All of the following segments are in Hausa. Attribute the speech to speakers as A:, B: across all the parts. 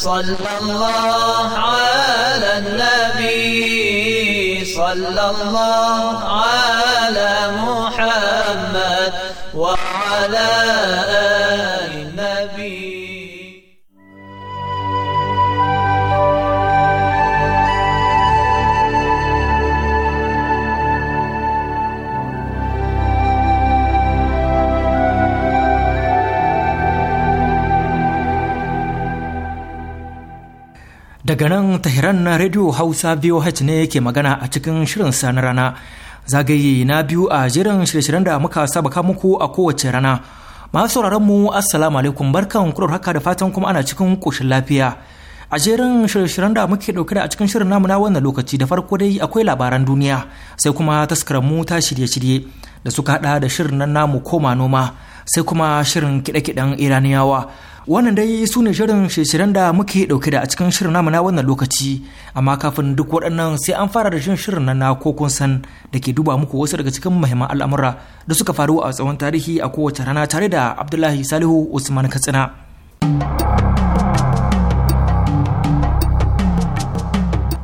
A: صلى الله على النبي صلى الله على محمد وعلى آله
B: Daga nan Tahiran na Radio Hausa VOH ne ke magana a cikin shirin sa na rana. Zagaye na biyu a jiran shirye-shiryen da muka saba muku a kowace rana. Masu mu Assalamu alaikum barkan kurar haka da fatan kuma ana cikin koshin lafiya. A jerin shirye-shiryen da muke dauke da a cikin shirin namu na wannan lokaci da farko dai akwai labaran duniya sai kuma taskarar mu ta shirye-shirye da suka hada da shirin nan namu koma noma sai kuma shirin kiɗe-kiɗen Iraniyawa Wannan dai su ne shirin shirin da muke ɗauke da a cikin shirin namu na wannan lokaci, amma kafin duk waɗannan sai an fara da shirin shirin na ko san da ke duba muku wasu daga cikin muhimman al'amura da suka faru a tsawon tarihi a kowace rana tare da Abdullahi Salihu Usman Katsina.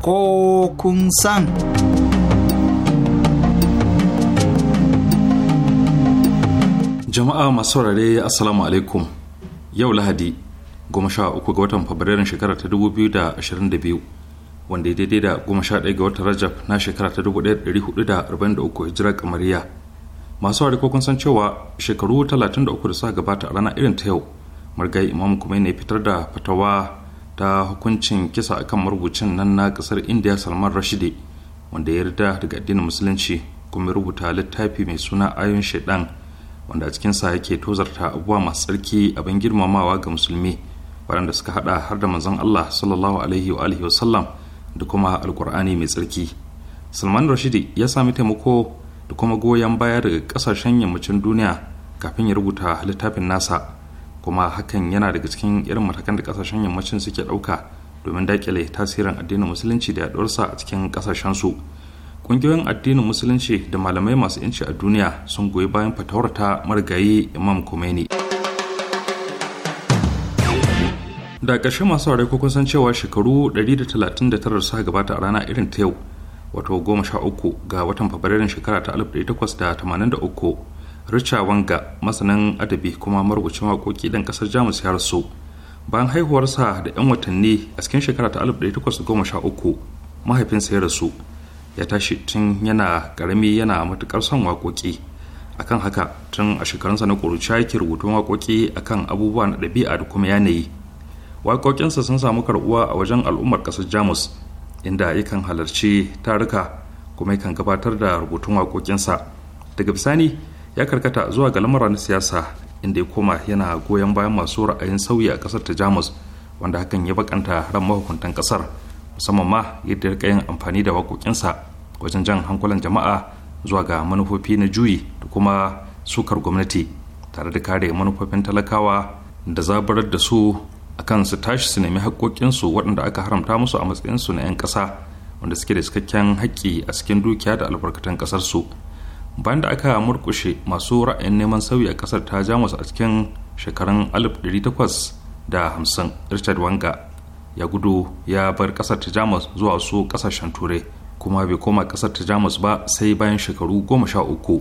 C: kokun san.
D: Jama'a masu rare Assalamu alaikum. yau lahadi goma sha uku ga watan fabrairun shekara ta dubu biyu da ashirin da biyu wanda ya daidai da goma sha ɗaya ga watan rajab na shekara ta dubu ɗaya dari hudu da arba'in da uku hijira kamariya masu wari ko kun san cewa shekaru talatin da uku da suka gabata a rana irin ta yau margayi imam kuma ne fitar da fatawa ta hukuncin kisa akan marubucin nan na kasar indiya salman rashidi wanda ya yarda daga addinin musulunci kuma rubuta littafi mai suna ayon shaidan wanda a cikinsa yake tozarta abubuwa masu tsarki abin girmamawa ga musulmi waɗanda suka haɗa har da manzon Allah sallallahu alaihi wa alihi da kuma alkur'ani mai tsarki salman rashidi ya sami taimako da kuma goyon baya daga ƙasashen yammacin duniya kafin ya rubuta littafin nasa kuma hakan yana daga cikin irin matakan da ƙasashen yammacin suke ɗauka domin daƙile tasirin addinin musulunci da yaɗuwarsa a cikin ƙasashensu su ƙungiyoyin addinin musulunci da malamai masu yanci a duniya sun goyi bayan fatawar ta marigayi imam khomeini da ƙarshe masu ware kun san cewa shekaru 139 suka gabata a rana irin ta yau wato 13 ga watan fabrairun shekara ta 1883 Richard Wanga masanin adabi kuma marubucin waƙoƙi ɗan ƙasar Jamus ya rasu bayan haihuwarsa da 'yan watanni a cikin shekara ta 1813 mahaifinsa ya rasu ya tashi tun yana karami yana matukar son waƙoƙi akan haka tun a shekarunsa na ƙuruciya yake rubutun waƙoƙi akan abubuwa na ɗabi'a da kuma yanayi waƙoƙinsa sun samu karɓuwa a wajen al'ummar ƙasar jamus inda yakan halarci taruka kuma yakan gabatar da rubutun waƙoƙinsa daga bisani ya karkata zuwa ga lamura na siyasa inda ya koma yana goyon bayan masu ra'ayin sauyi a ƙasar ta jamus wanda hakan ya bakanta ran mahukuntan ƙasar musamman ma yadda rika yin amfani da waƙoƙinsa wajen jan hankulan jama'a zuwa ga manufofi na juyi da kuma sukar gwamnati tare da kare manufofin talakawa da zabarar da su akan su tashi su nemi haƙoƙinsu waɗanda aka haramta musu a matsayinsu na 'yan ƙasa wanda suke da cikakken haƙƙi a cikin dukiya da albarkatun ƙasarsu bayan da aka murƙushe masu ra'ayin neman sauyi a ƙasar ta jamus a cikin shekarun 1850 richard wanga ya gudu ya bar kasar ta jamus zuwa su kasashen turai kuma bai koma kasar ta jamus ba sai bayan shekaru goma sha uku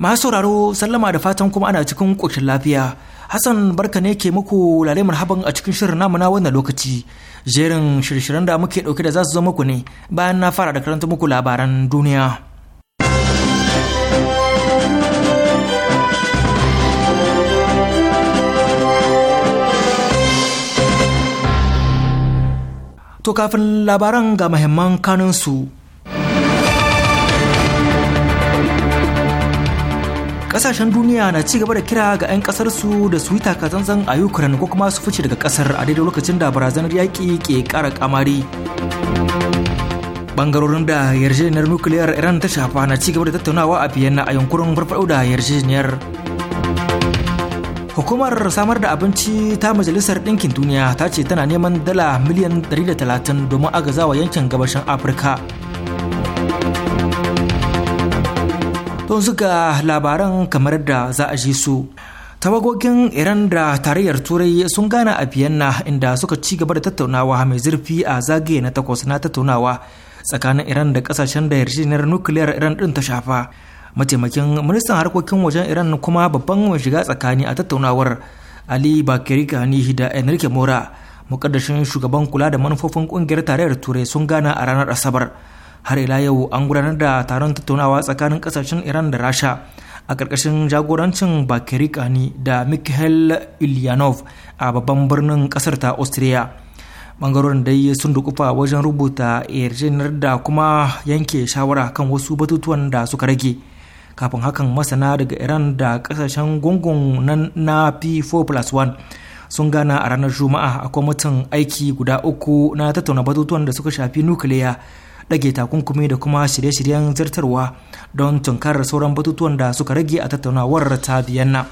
B: masu sauraro sallama da fatan kuma ana cikin ƙoshin lafiya hassan barka ne ke muku lalai marhaban a cikin shirin namu na wannan lokaci jerin shirye-shiryen da muke ɗauke da za su zo muku ne bayan na fara da karanta muku labaran duniya To kafin labaran ga mahimman kanunsu kasashen duniya na ci gaba da kira ga 'yan kasar su da su yi takatsantsan a ukraine ko kuma su fice daga kasar a daidai lokacin da barazanar yaƙi ke ƙara kamari bangarorin da yarjejeniyar nukiliyar iran ta shafa na ci gaba da tattaunawa a vienna a yankunan farfaɗo da yarjejeniyar hukumar samar da abinci ta majalisar ɗinkin duniya ta ce tana neman dala miliyan 130 domin agazawa yankin gabashin afirka don suka labaran kamar da za a ji su tawagogin iran da tarayyar turai sun gana a vienna inda suka ci gaba da tattaunawa mai zurfi a zagaye na takwas na tattaunawa tsakanin iran da kasashen da yarjejeniyar nukiliyar iran din ta shafa mataimakin ministan harkokin wajen iran kuma babban mai shiga tsakani a tattaunawar ali bakari ghani da enrique mora mukaddashin shugaban kula da manufofin kungiyar tarayyar turai sun gana a ranar asabar har ila yau an gudanar da taron tattaunawa tsakanin kasashen iran da rasha a ƙarƙashin jagorancin bakari kani da mikhail ilyanov a babban birnin ƙasar ta austria bangarorin dai sun dukufa wajen rubuta yarjejeniyar da kuma yanke shawara kan wasu batutuwan da suka rage kafin hakan masana daga iran da kasashen gungun na p4 plus 1 sun gana a ranar juma'a a kwamitin aiki guda uku na tattauna batutuwan da suka shafi nukiliya ɗage takunkumi da kuma shirye-shiryen zartarwa don tunkarar sauran batutuwan da suka rage a tattaunawar ta biyanna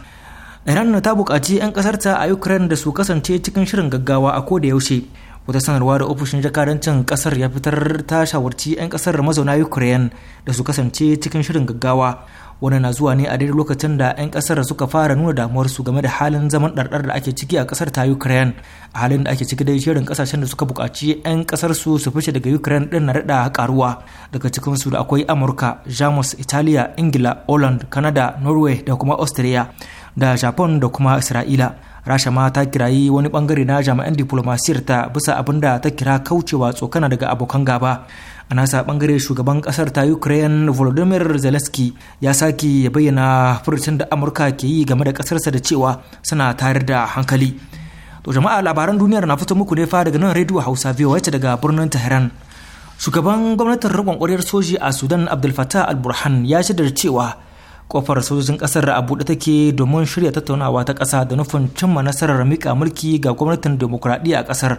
B: iran ta buƙaci 'yan ƙasarta a ukraine da su kasance cikin shirin gaggawa a koda yaushe wata sanarwa da ofishin jakadancin ƙasar ya fitar ta shawarci 'yan ƙasar mazauna ukraine da su kasance cikin shirin gaggawa wannan na zuwa ne a daidai lokacin da 'yan kasar suka fara nuna su game da halin zaman ɗarɗar da ake ciki a kasar ta ukraine a halin da ake ciki dai shirin kasashen da suka buƙaci 'yan kasar su su fice daga ukraine ɗin na daɗa karuwa daga cikin su da akwai amurka jamus italiya ingila holland canada norway da kuma austria da japan da kuma isra'ila rasha ma ta kirayi wani bangare na jami'an diplomasiyar ta bisa abin da ta kira kaucewa tsokana daga abokan gaba a nasa bangare shugaban kasar ta ukraine volodymyr zelensky ya sake ya bayyana furucin da amurka ke yi game da kasarsa da cewa suna tayar da hankali to jama'a labaran duniyar na fito muku ne fa daga nan radio hausa voa wacce daga birnin tehran shugaban gwamnatin rikon ƙwaryar soji a sudan abdul fatah al-burhan ya da cewa kofar sojojin kasar a buɗe take domin shirya tattaunawa ta ƙasa da nufin cimma nasarar mika mulki ga gwamnatin demokuraɗiyya a ƙasar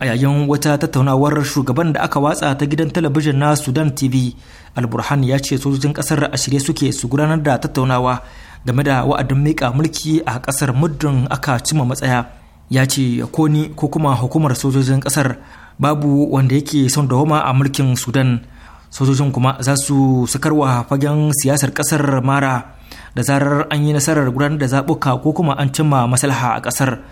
B: a yayin wata tattaunawar shugaban da aka watsa ta gidan talabijin na sudan tv alburhan ya ce sojojin kasar a shirye suke su gudanar da tattaunawa game da wa'adin miƙa mulki a kasar muddin aka cima matsaya ya ce ko ni ko kuma hukumar sojojin kasar babu wanda yake son dawoma a mulkin sudan sojojin kuma za su sakarwa fagen siyasar kasar mara da zarar an yi nasarar gudanar da zaɓuka ko kuma an cimma maslaha a kasar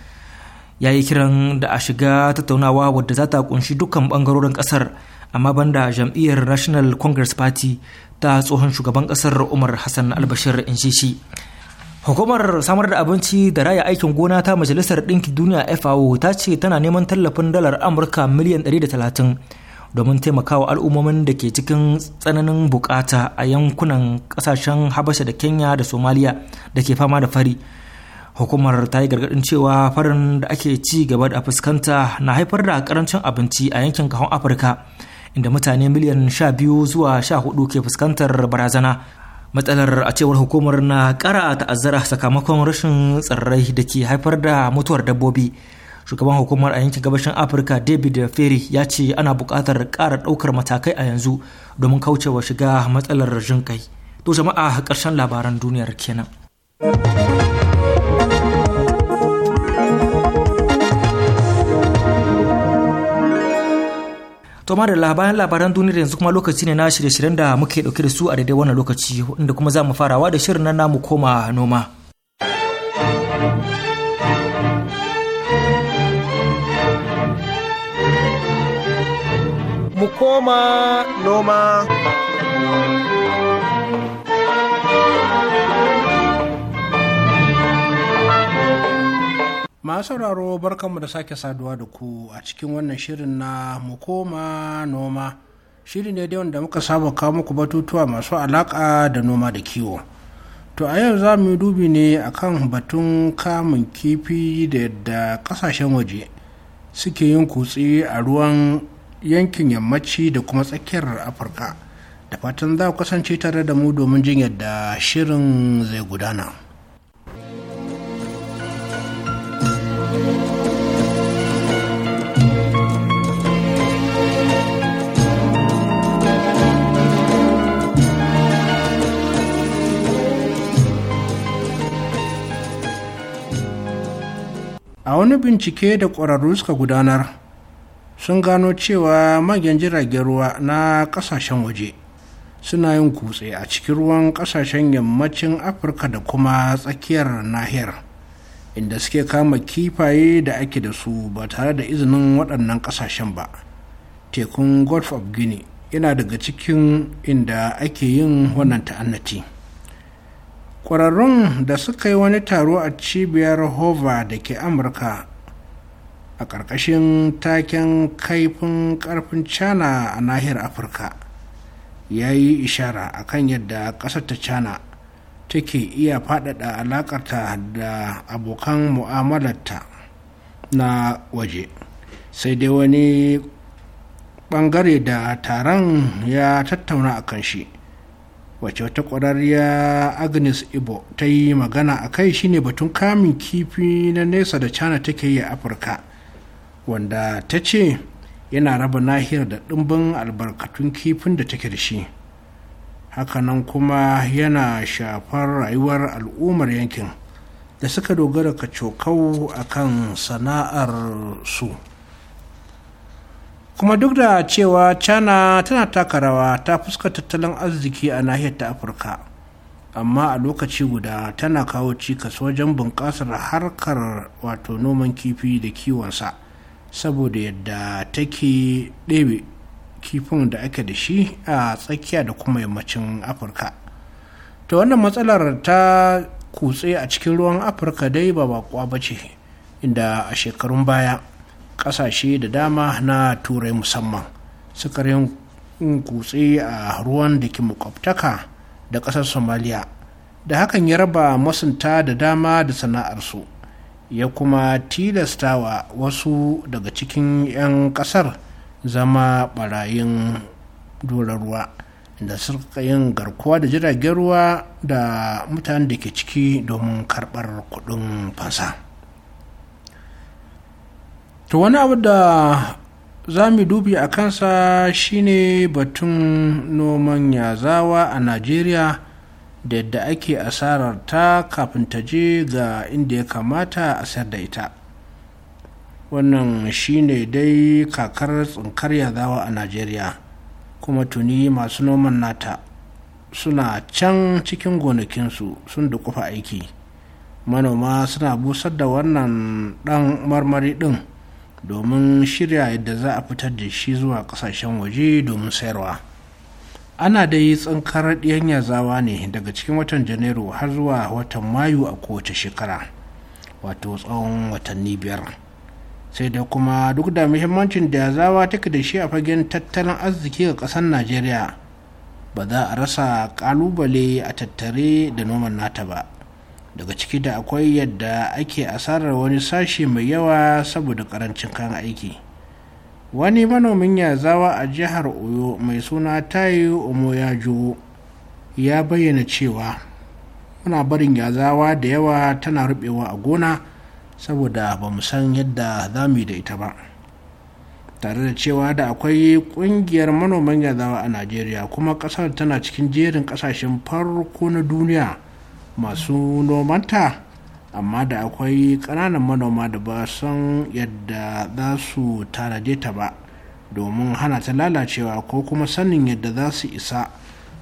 B: ya yi kiran da a shiga tattaunawa wadda za ta kunshi dukkan bangarorin kasar amma banda jam'iyyar national congress party ta tsohon shugaban kasar umar hassan albashir in shi hukumar samar da abinci da raya aikin gona ta majalisar ɗinkin duniya fao ta ce tana neman tallafin dalar amurka miliyan 130 domin taimakawa al'ummomin da ke cikin tsananin bukata a yankunan kasashen habasha da kenya da somaliya da ke fama da fari hukumar ta yi gargadin cewa farin da ake ci gaba da fuskanta na haifar da karancin abinci a yankin kahon afirka inda mutane miliyan sha biyu zuwa sha hudu ke fuskantar barazana matsalar a cewar hukumar na kara ta'azzara sakamakon rashin tsirrai da ke haifar da mutuwar dabbobi shugaban hukumar a yankin gabashin afirka david ferry ya ce ana bukatar kara ɗaukar matakai a yanzu domin kaucewa shiga matsalar jinƙai to jama'a ƙarshen labaran duniyar kenan. To ma da labaran labaran duniyar yanzu kuma lokaci ne na shirye-shiryen da muke dauke da su a daidai wannan lokaci inda kuma za mu farawa da shirin nan mu koma noma. Mu koma
E: noma. masu sauraro barkanmu da sake saduwa da ku a cikin wannan shirin na mu koma noma shiri ne dai wanda muka saba kawo muku batutuwa masu alaka da noma da kiwo to a yau za mu yi dubi ne akan batun kamun kifi da yadda kasashen waje suke yin kutse a ruwan yankin yammaci da kuma tsakiyar afirka da fatan za ku kasance tare da mu domin jin yadda shirin zai gudana. a wani bincike da ƙwararru suka gudanar sun gano cewa manyan jiragen ruwa na ƙasashen waje suna yin kutse a cikin ruwan ƙasashen yammacin afirka da kuma tsakiyar nahiyar inda suke kama kifaye da ake da su ba tare da izinin waɗannan ƙasashen ba tekun gulf of guinea yana daga cikin inda ake yin wannan ta'annati. kwararrun da suka yi wani taro a cibiyar hova da ke amurka a ƙarƙashin taken kaifin ƙarfin china a nahiyar afirka ya yi ishara akan yadda ƙasar ta china take iya faɗaɗa alaƙarta da abokan mu'amalarta na waje sai dai wani ɓangare da taron ya tattauna a kan shi Wace wata ƙwararriya agnes ibo ta yi magana a kai shine batun kamun kifi na nesa da china take yi a afirka wanda ta ce yana raba nahiyar da ɗimbin albarkatun kifin da take da shi hakanan kuma yana shafar rayuwar al'ummar yankin da suka dogara kacokau a kan sana'ar su. kuma duk da cewa china tana taka rawa ta fuska tattalin arziki a nahiyar ta afirka amma a lokaci guda tana kawo cikas wajen bunƙasar harkar wato noman kifi da kiwonsa saboda yadda take ɗebe kifin da ake da shi a tsakiya da kuma yammacin afirka ta wannan matsalar ta kutse a cikin ruwan afirka dai ba bakwa ba ce inda a shekarun baya ƙasashe da dama na turai musamman sukarin kutse a ruwan da ke makwabtaka da ƙasar somaliya da hakan ya raba masunta da dama da sana'arsu ya kuma tilasta wa wasu daga cikin 'yan ƙasar zama barayin dorar ruwa da suka yin garkuwa da jiragen ruwa da mutanen da ke ciki domin karɓar kuɗin fansa. to wani abu da za mu dubi a kansa shine batun noman yazawa a najeriya da yadda ake asarar ta kafin ta je ga inda ya kamata a sayar da ita wannan shine dai kakar tsinkar yazawa a najeriya kuma tuni masu noman nata suna can cikin gonakinsu sun da kufa aiki manoma suna busar da wannan dan marmari din domin shirya yadda za a fitar da shi zuwa kasashen waje domin sayarwa ana dai tsinkar yanya yazawa ne daga cikin watan janairu har zuwa watan mayu a kowace shekara wato tsawon watanni biyar sai da kuma duk da muhimmancin da yazawa take da shi a fagen tattalin arziki ga ƙasar najeriya ba za a rasa kalubale a tattare da noman nata ba daga ciki da akwai yadda ake asarar wani sashi mai yawa saboda karancin kayan aiki wani manomin yazawa a jihar oyo mai suna Tayi omoyajo ya bayyana cewa muna barin yazawa da yawa tana rubewa a gona saboda ba mu san yadda za mu yi da ita ba tare da cewa da akwai kungiyar manoman yazawa a najeriya kuma kasar tana cikin jerin kasashen farko na duniya masu nomanta amma da akwai ƙananan manoma da ba san yadda za su tanade ta ba domin hana ta lalacewa ko kuma sanin yadda za su isa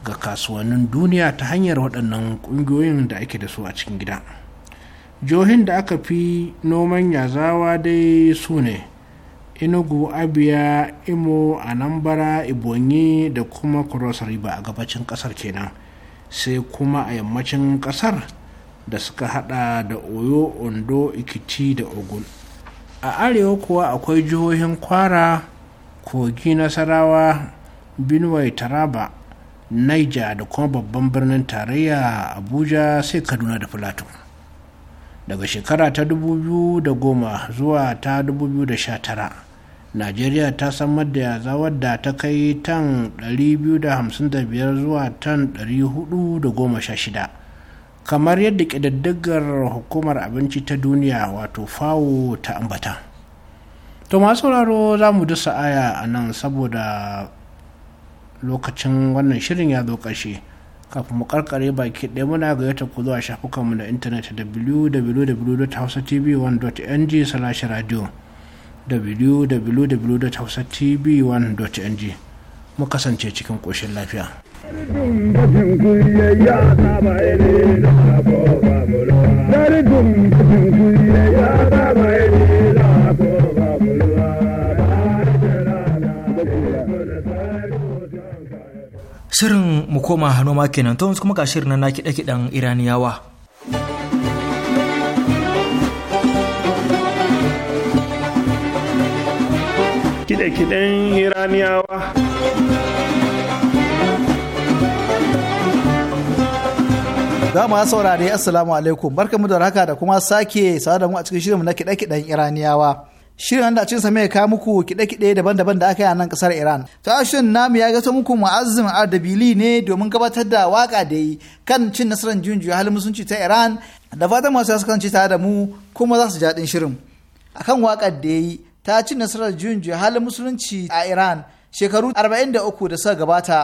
E: ga kasuwannin duniya ta hanyar waɗannan ƙungiyoyin da ake da su a cikin gida johin da aka fi noman yazawa dai su ne inugu abia imo anambara ibonyi da kuma cross river a gabacin ƙasar kenan sai kuma a yammacin kasar da suka hada da oyo ondo ikiti da ogun a arewa kuwa akwai jihohin kwara kogi nasarawa benue taraba niger da kuma babban birnin tarayya abuja sai kaduna da filato daga shekara ta 2010 zuwa ta 2019 najeriya ta samar da yazawar da ta kai tan 255 zuwa tan 416 kamar yadda ƙididdigar hukumar abinci ta duniya wato fawo ta ambata to masu sauraro za mu dusa aya a nan saboda lokacin wannan shirin ya zo ƙarshe kafin mu karkare baki ɗaya muna gayyata ku zuwa shafukanmu na intanet www.hausatv1.ng/radio www.hausatv1.ng mu kasance cikin ƙoshin lafiya.
B: Sirin mu koma noma kenan to kuma ga shirin na kiɗe-kiɗen Iraniyawa.
D: kide-kiden iraniyawa
C: za mu saurare assalamu alaikum barkamu da haka da kuma sake sawa da mu a cikin shirinmu na kiɗe-kiɗen iraniyawa shirin da a cikin sa mai muku kiɗe-kiɗe daban-daban da aka yi a nan ƙasar Iran. tashin shirin namu ya ta muku mu'azzin Ardabili ne domin gabatar da waka da yi kan cin nasarar juyin juya halin musulunci ta Iran da fatan masu ya kasance tare da mu kuma za su ji shirin. Akan waƙar da yi ta ci nasarar juyin juya halin musulunci a Iran shekaru 43 da suka gabata.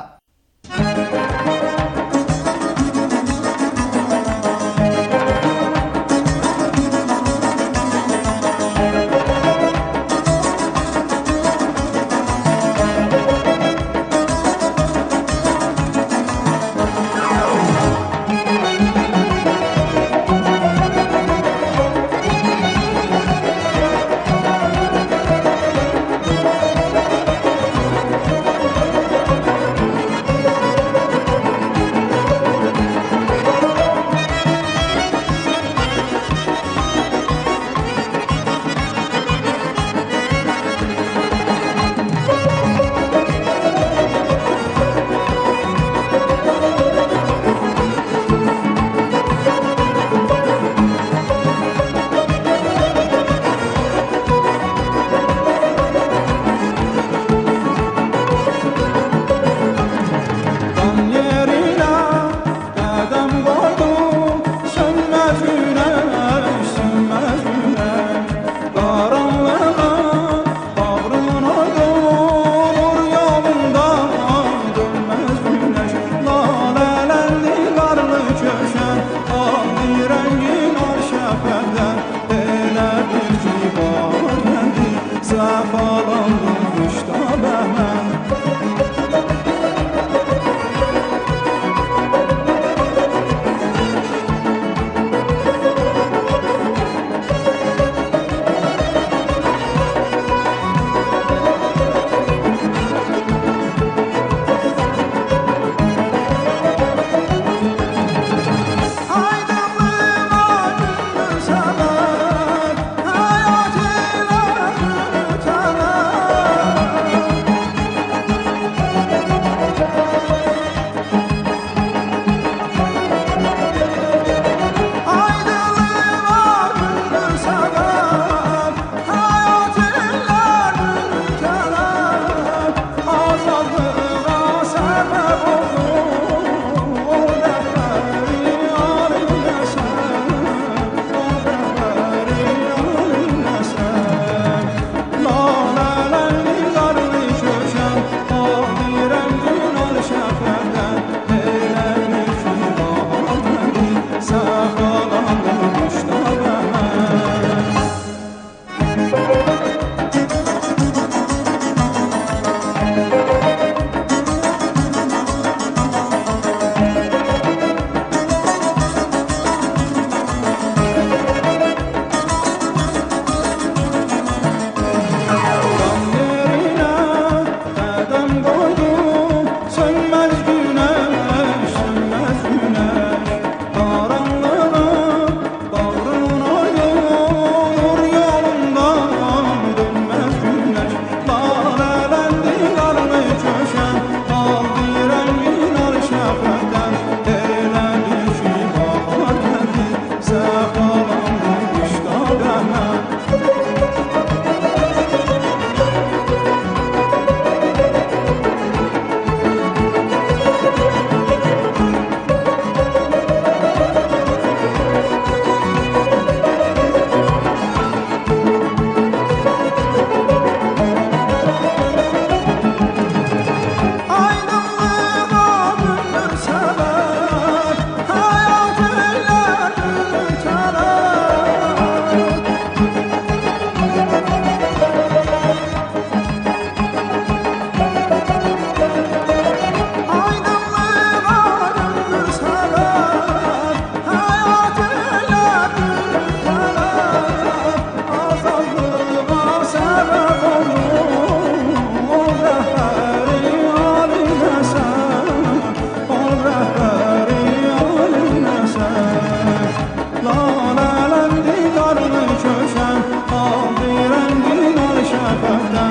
C: səfərdən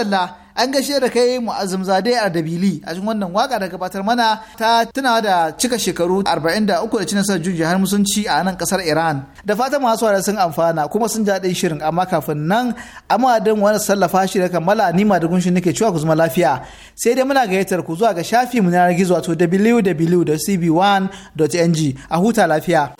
C: elədir an gaishe da kai mu'azzam zade a dabili a cikin wannan waka da gabatar mana ta tuna da cika shekaru 43 da cin nasarar juyin har musunci a nan kasar iran da fatan masu wada sun amfana kuma sun jaɗin shirin amma kafin nan a don wani sallafa shi da kammala nima da gunshin nake cewa ku zama lafiya sai dai muna gayyatar ku zuwa ga shafi mu na gizo wato www.cb1.ng a huta lafiya.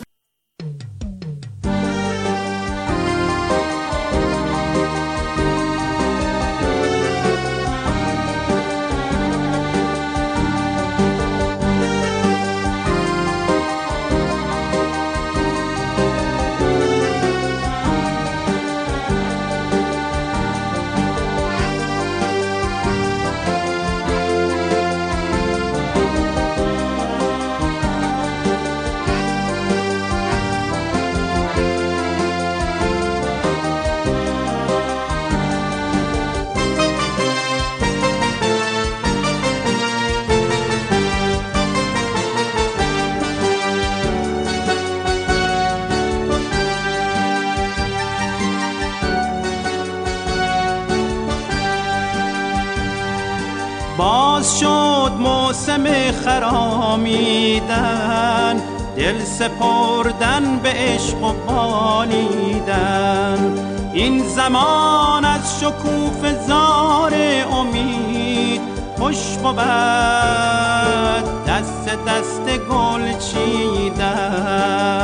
D: دل
A: سپردن به عشق و بالیدن این زمان از شکوف زار امید خوش بود دست دست گل چیدن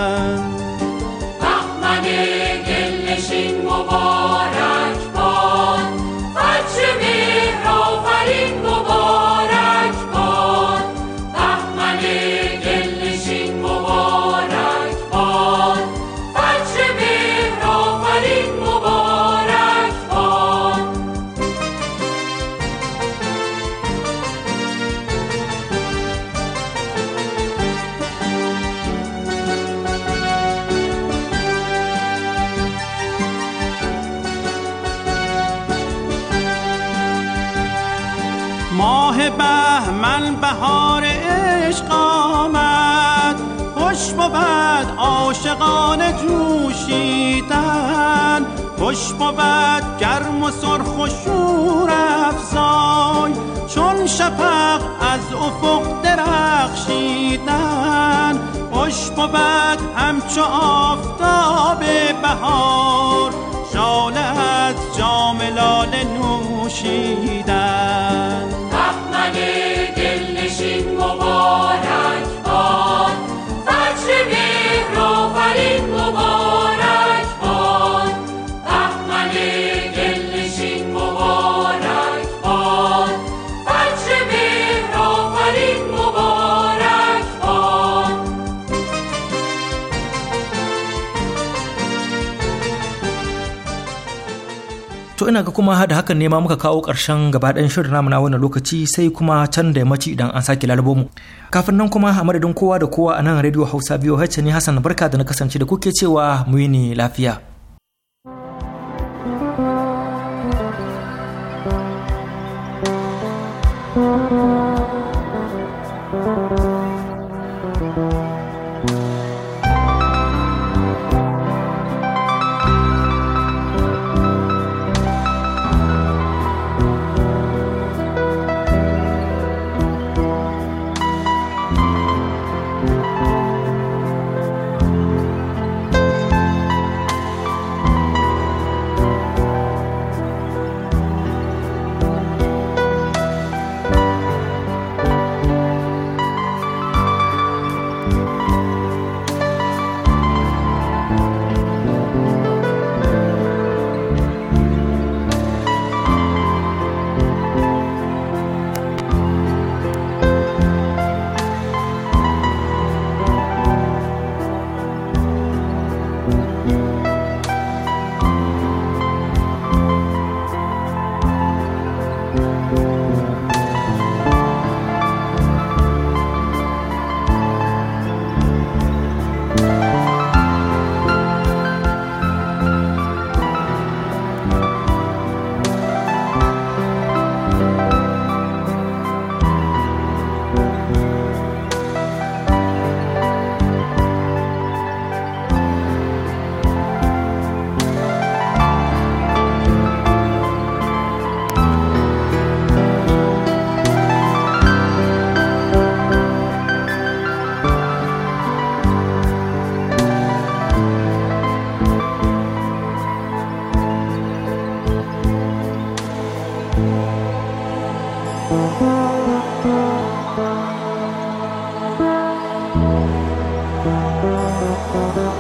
A: خوش بود گرم و سرخ و شور افزای چون شفق از افق درخشیدن خوش بود همچو آفتاب بهار شاله از جاملال نوشیدن
B: ina ga kuma da hakan nema muka kawo ƙarshen gabaɗayan shirin namu na wannan lokaci sai kuma can da yammaci idan an sake lalubo mu. Kafin nan kuma a madadin kowa da kowa a nan rediyo Hausa biyu hacce ne Hassan Barka da na kasance da kuke cewa mu yi ne lafiya.
F: Thank you.